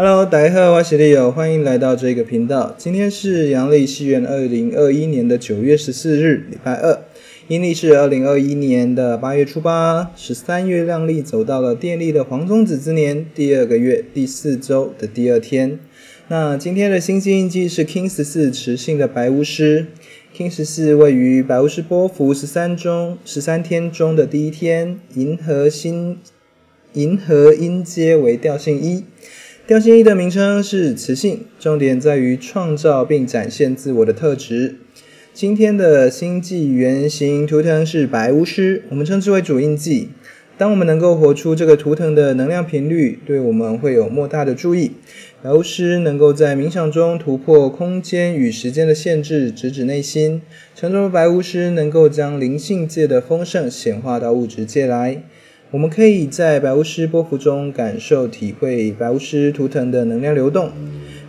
Hello，大家好，我是利友，歡迎來到這個頻道。今天是陽曆西元二零二一年的九月十四日，禮拜二；陰曆是二零二一年的八月初八。十三月亮曆走到了電力的黃種子之年，第二個月第四周的第二天。那今天的星際印記是 KIN 14，磁性的白巫師。KIN 14位於白巫師波符十三中，十三天中的第一天。銀河星，銀河音階為調性一。調性一的名稱是磁性，重點在於創造並展現自我的特質。今天的星際原型圖騰是白巫師，我們稱之為主印記。當我們能夠活出這個圖騰的能量頻率，對我們會有莫大的助益。白巫師能夠在冥想中突破空間與時間的限制，直指內心。成熟的白巫師能夠將靈性界的豐盛顯化到物質界來。我們可以在白巫師波幅中感受、體會白巫師圖騰的能量流動。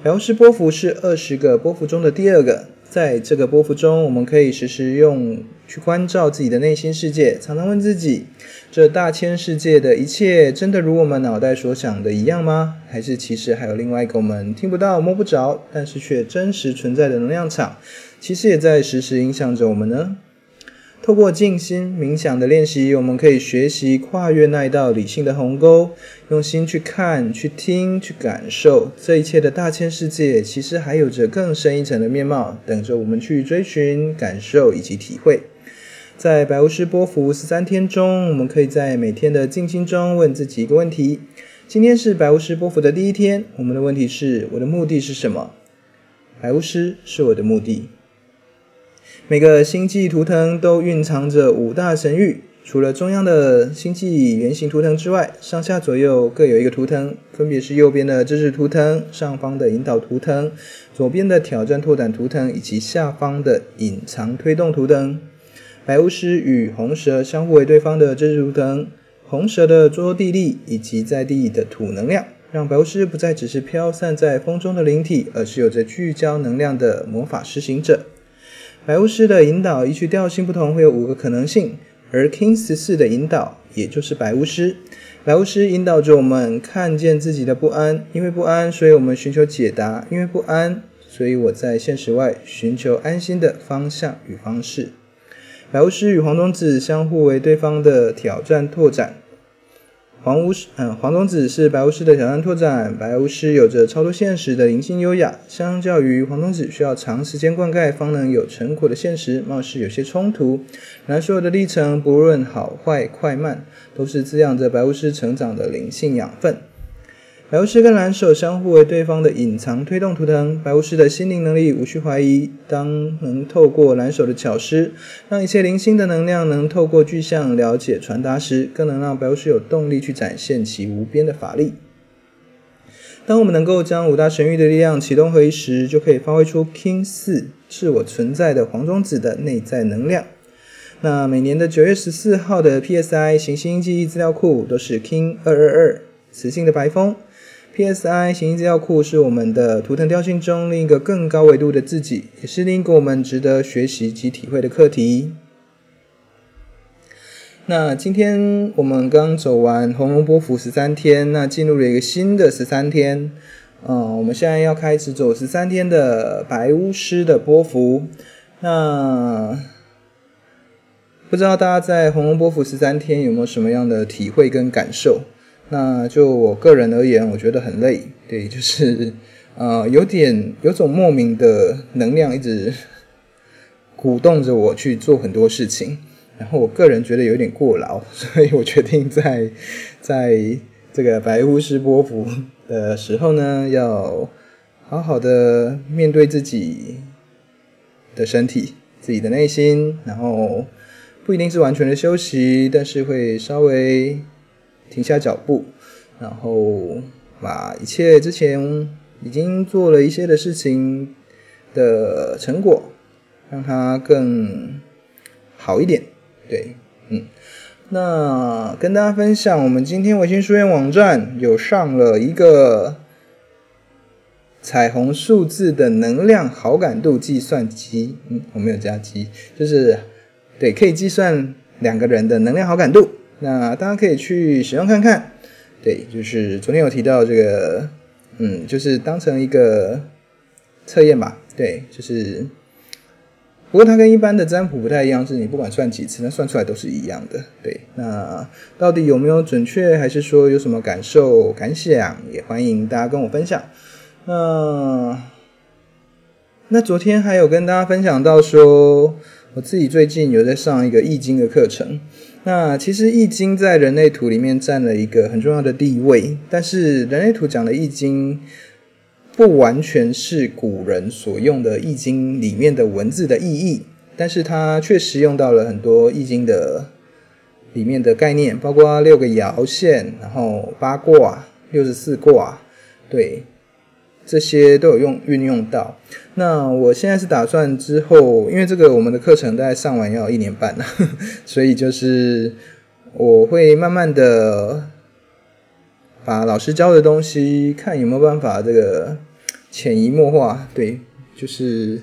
白巫師波幅是二十個波幅中的第二個，在這個波幅中，我們可以時時用去關照自己的內心世界，常常問自己：這大千世界的一切，真的如我們腦袋所想的一樣嗎？還是其實還有另外一個我們聽不到、摸不着，但是却真實存在的能量場，其實也在時時影響着我們呢？透過靜心冥想的練習，我們可以學習跨越那一道理性的鴻溝，用心去看、去聽、去感受這一切的大千世界，其實還有着更深一層的面貌等着我們去追尋、感受以及體會。在白巫師波符十三天中，我們可以在每天的靜心中問自己一個問題：今天是白巫師波符的第一天，我們的問題是：我的目的是什麼？白巫師是我的目的。每個星際圖騰都蘊藏着五大神域。除了中央的星際圓形圖騰之外，上下左右各有一個圖騰，分別是右邊的知識圖騰、上方的引導圖騰、左邊的挑戰拓展圖騰以及下方的隱藏推動圖騰。白巫師與紅蛇相互為對方的知識圖騰，紅蛇的抓地力以及在地的土能量，讓白巫師不再只是飄散在風中的靈體，而是有着聚焦能量的魔法施行者。白巫師的引導，依據調性不同，會有五個可能性。而 KIN.14 的引導，也就是白巫師。白巫師引導着我們看見自己的不安，因為不安，所以我們尋求解答。因為不安，所以我在現實外尋求安心的方向與方式。白巫師與黃種子相互為對方的挑戰拓展。黃巫師，嗯，黃種子是白巫師的挑戰拓展。白巫師有着超脫現實的靈性優雅，相較於黃種子需要長時間灌溉方能有成果的現實，貌似有些衝突。然而，所有的歷程，不論好壞快慢，都是滋養着白巫師成長的靈性養分。白巫師跟藍手相互，為對方的隱藏推動圖騰，白巫師的心靈能力無需懷疑，當能透過藍手的巧思，讓一切靈性的能量能透過具象了解傳達時，更能讓白巫師有動力去展現其無邊的法力。當我們能夠將五大神域的力量啟動合一時，就可以發揮出 KIN 四自我存在的黃種子的內在能量。那每年的九月十四號的 PSI 行星記憶資料庫都是 KIN 二二二，磁性的白風。PSI 形意資料庫是我們的圖騰調性中另一個更高維度的自己，也是另一個我們值得學習及體會的課題。那今天我們剛走完紅龍波符十三天，那進入了一個新的十三天。嗯、呃，我們現在要開始走十三天的白巫師的波符。那不知道大家在紅龍波符十三天有沒有什麼樣的體會跟感受？那就我個人而言，我覺得很累，對，就是，呃，有點有種莫名的能量一直鼓動着我去做很多事情，然後我個人覺得有點過勞，所以我決定在在這個白巫師波符的時候呢，要好好的面對自己的身體、自己的內心，然後不一定是完全的休息，但是會稍微。停下腳步，然後把一切之前已經做了一些的事情的成果，讓它更好一點。對，嗯，那跟大家分享，我們今天維新書院網站有上了一個彩虹數字的能量好感度計算機，嗯，我沒有加機，就是對，可以計算兩個人的能量好感度。那大家可以去使用看看，對，就是昨天有提到這個，嗯，就是當成一個測驗吧，對，就是不過它跟一般的占卜不太一樣，是你不管算幾次，那算出來都是一樣的，對。那到底有沒有準確，還是說有什麼感受、感想，也歡迎大家跟我分享。嗯，那昨天還有跟大家分享到說，我自己最近有在上一個易經的課程。那其實《易經》在人類圖裡面占了一個很重要的地位，但是人類圖講的《易經》不完全是古人所用的《易經》裡面的文字的意義，但是它確實用到了很多《易經》的裡面的概念，包括六個爻線，然後八卦、六十四卦，對。這些都有用運用到。那我現在是打算之後，因為這個我們的課程大概上完要一年半了，所以就是我會慢慢的把老師教的東西，看有沒有辦法這個潛移默化，對，就是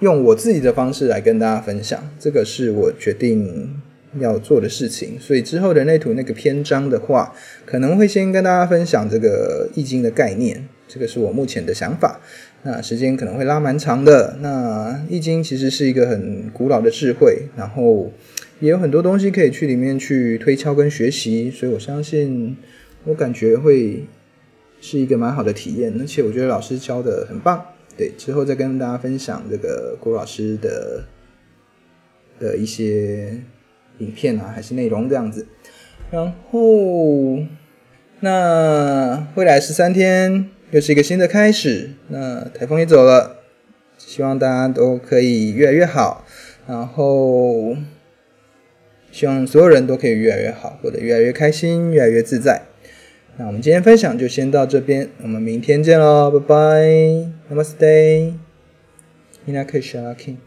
用我自己的方式來跟大家分享。這個是我決定要做的事情。所以之後的人類圖那個篇章的話，可能會先跟大家分享這個易經的概念。這個是我目前的想法，那時間可能會拉蠻長的。那《易經》其實是一個很古老的智慧，然後也有很多東西可以去裡面去推敲跟學習，所以我相信，我感覺會是一個蠻好的體驗。而且我覺得老師教的很棒，對，之後再跟大家分享這個郭老師的的一些影片啊，還是內容這樣子。然後，那未來十三天，又是一個新的開始，那台風也走了，希望大家都可以越來越好，然後希望所有人都可以越來越好，過得越來越開心，越來越自在。那我們今天分享就先到這邊，我們明天見嘍，拜拜 Namaste 應該可以選阿 kin lucky。